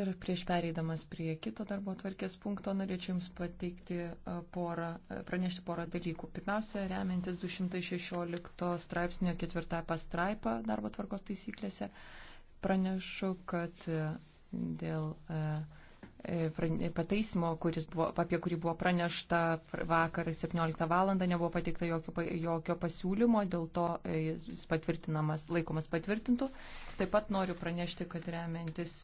Ir prieš pereidamas prie kito darbo tvarkės punkto norėčiau Jums pateikti e, porą, e, pranešti porą dalykų. Pirmiausia, remiantis 216 straipsnio ketvirtąją pastraipą darbo tvarkos taisyklėse, pranešu, kad e, dėl pataisimo, kuris buvo, apie kurį buvo pranešta vakar 17 val. nebuvo pateikta jokio, jokio pasiūlymo, dėl to jis patvirtinamas, laikomas patvirtintų. Taip pat noriu pranešti, kad remiantis